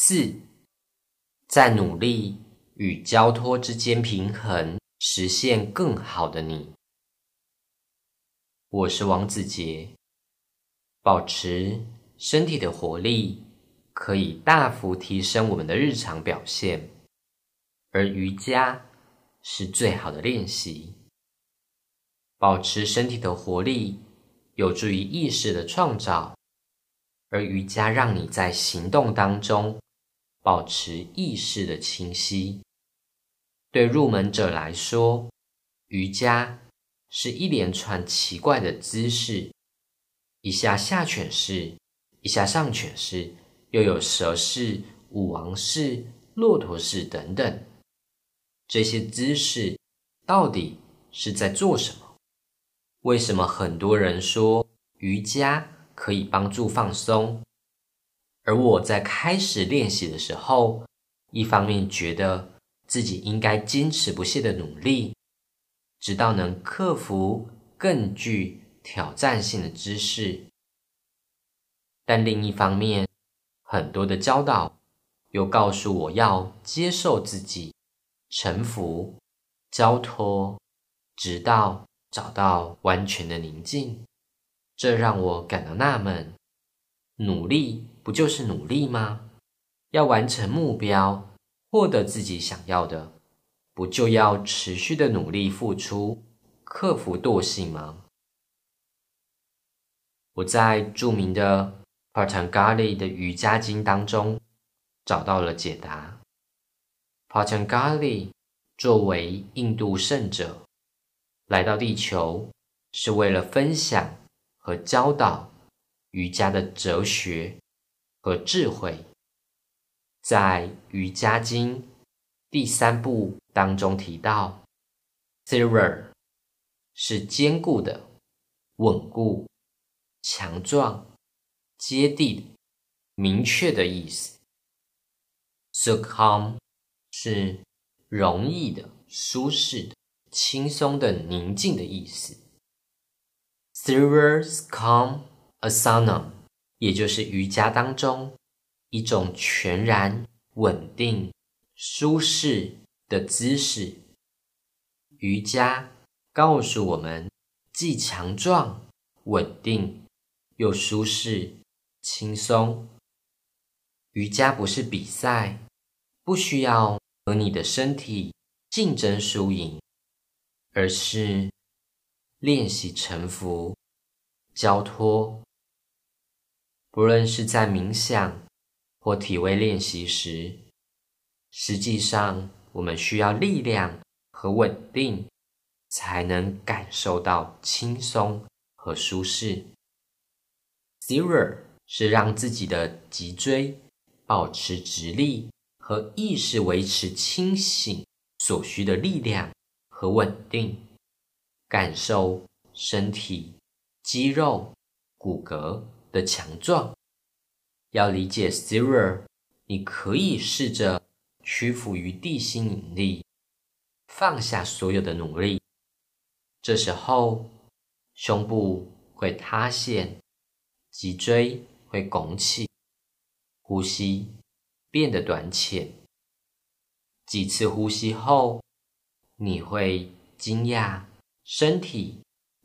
四，在努力與交託之間平衡，實現更好的你。我是王子杰。保持身體的活力，可以大幅提升我們的日常表現，而瑜伽是最好的練習。保持身體的活力，有助於意識的創造，而瑜伽讓你在行動當中。保持意識的清晰。對入門者來說，瑜伽是一連串奇怪的姿勢，一下下犬式，一下上犬式，又有蛇式、舞王式、駱駝式等等。這些姿勢到底是在做什麼？為什麼很多人說瑜伽可以幫助放鬆？而我在開始練習的時候，一方面覺得自己應該堅持不懈地努力，直到能克服更具挑戰性的姿勢；但另一方面，很多的教導又告訴我要接受自己、臣服、交託，直到找到完全的寧靜。這讓我感到納悶，努力。不就是努力嗎？要完成目標，獲得自己想要的，不就要持續的努力付出，克服惰性嗎？我在著名的帕坦加利的瑜伽經當中找到了解答。帕坦加利作為印度聖者，來到地球是為了分享和教導瑜伽的哲學。和智慧，在瑜伽經第三部當中提到，sthira 是堅固的、穩固、強壯、接地的、明確的意思；sukham 是容易的、舒適的、輕鬆的、寧靜的意思。sthira sukham asana。也就是瑜伽當中一種全然穩定、舒適的姿勢。瑜伽告訴我們，既強壯、穩定，又舒適、輕鬆。瑜伽不是比賽，不需要和你的身體競爭輸贏，而是練習臣服、交託。無論是在冥想或體位練習時，實際上我們需要力量和穩定，才能感受到輕鬆和舒適。Sthira 是讓自己的脊椎保持直立和意識維持清醒所需的力量和穩定，感受身體、肌肉、骨骼，的強壯，要理解 sthira，你可以試着屈服於地心引力，放下所有的努力。這時候，胸部會塌陷，脊椎會拱起，呼吸變得短淺。幾次呼吸後，你會驚訝，身體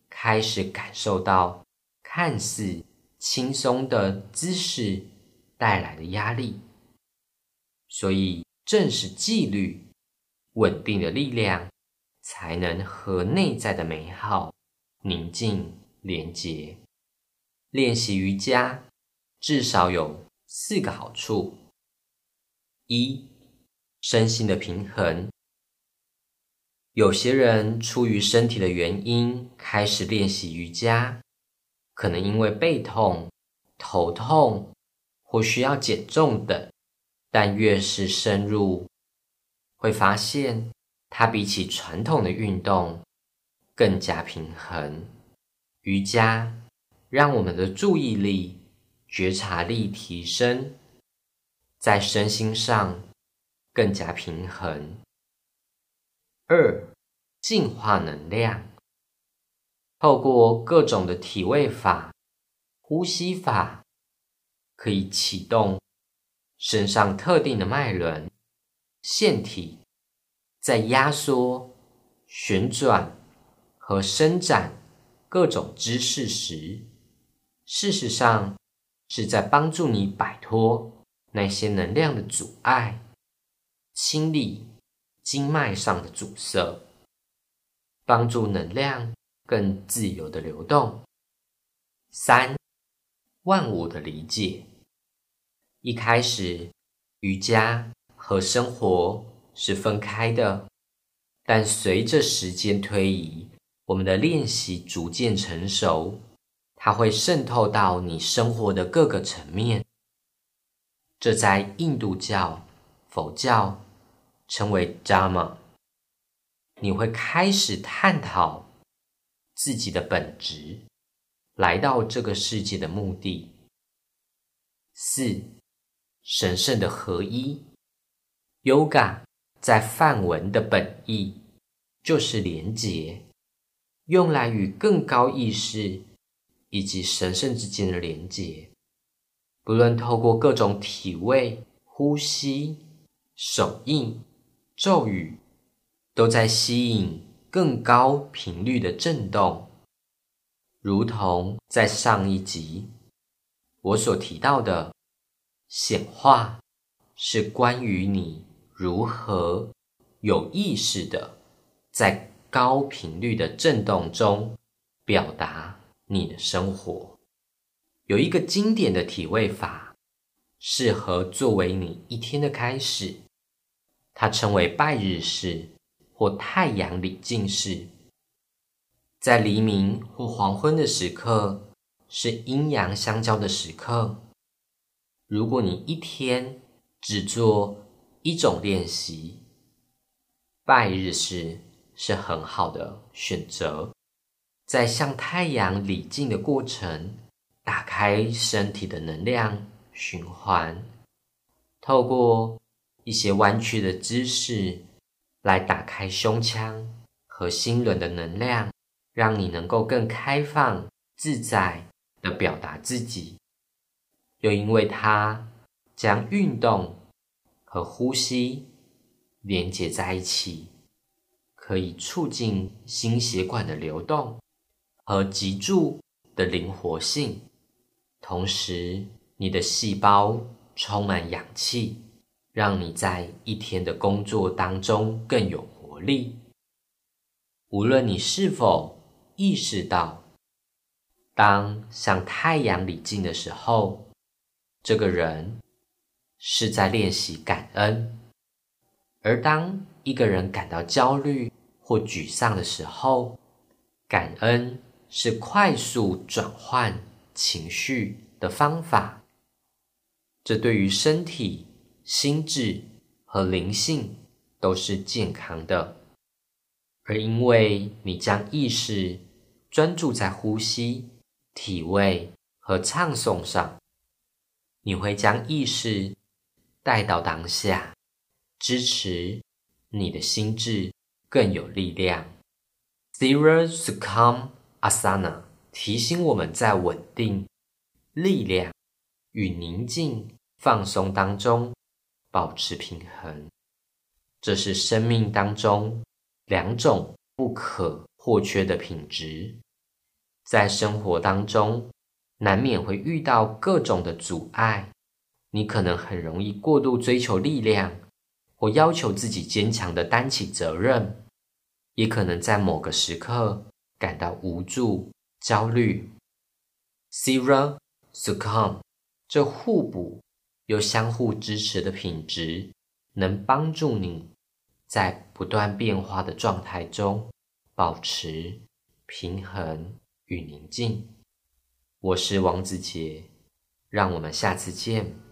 開始感受到看似。輕鬆的姿勢帶來的壓力，所以正是紀律穩定的力量，才能和內在的美好寧靜連結。練習瑜伽至少有四個好處：一、身心的平衡。有些人出於身體的原因開始練習瑜伽。可能因為背痛、頭痛或需要減重等，但越是深入，會發現它比起傳統的運動更加平衡。瑜伽讓我們的注意力、覺察力提升，在身心上更加平衡。二、淨化能量。透過各種的體位法、呼吸法，可以啟動身上特定的脈輪、腺體，在壓縮、旋轉和伸展各種姿勢時，事實上是在幫助你擺脫那些能量的阻礙，清理經脈上的阻塞，幫助能量。更自由的流動。三，萬物的理解。一開始，瑜伽和生活是分開的，但隨着時間推移，我們的練習逐漸成熟，它會滲透到你生活的各個層面。這在印度教、佛教稱為 Dharma，你會開始探討。自己的本質，來到這個世界的目的。四，神聖的合一，yoga 在梵文的本意就是連結，用來與更高意識以及神聖之間的連結。不論透過各種體位、呼吸、手印、咒語，都在吸引，更高頻率的震動，如同在上一集我所提到的，顯化是關於你如何有意識地在高頻率的震動中表達你的生活。有一個經典的體位法適合作為你一天的開始，它稱為拜日式。或太陽禮敬式，在黎明或黃昏的時刻，是陰陽相交的時刻。如果你一天只做一種練習，拜日式是很好的選擇。在向太陽禮敬的過程，打開身體的能量循環，透過一些彎曲的姿勢。來打開胸腔和心輪的能量，讓你能夠更開放、自在地表達自己。又因為它將運動和呼吸連接在一起，可以促進心血管的流動和脊柱的靈活性，同時你的細胞充滿氧氣。讓你在一天的工作當中更有活力。無論你是否意識到，當向太陽禮敬的時候，這個人是在練習感恩；而當一個人感到焦慮或沮喪的時候，感恩是快速轉換情緒的方法。這對於身體，心智和靈性都是健康的，而因為你將意識專注在呼吸、體位和唱誦上，你會將意識帶到當下，支持你的心智更有力量。Sthira Sukham Asana 提醒我們在穩定、力量與寧靜放鬆當中。保持平衡，這是生命當中兩種不可或缺的品質。在生活當中，難免會遇到各種的阻礙，你可能很容易過度追求力量，或要求自己堅強的擔起責任，也可能在某個時刻感到無助、焦慮。Sira sukham，這互補，有相互支持的品質，能幫助你，在不斷變化的狀態中保持平衡與寧靜。我是王子杰，讓我們下次見。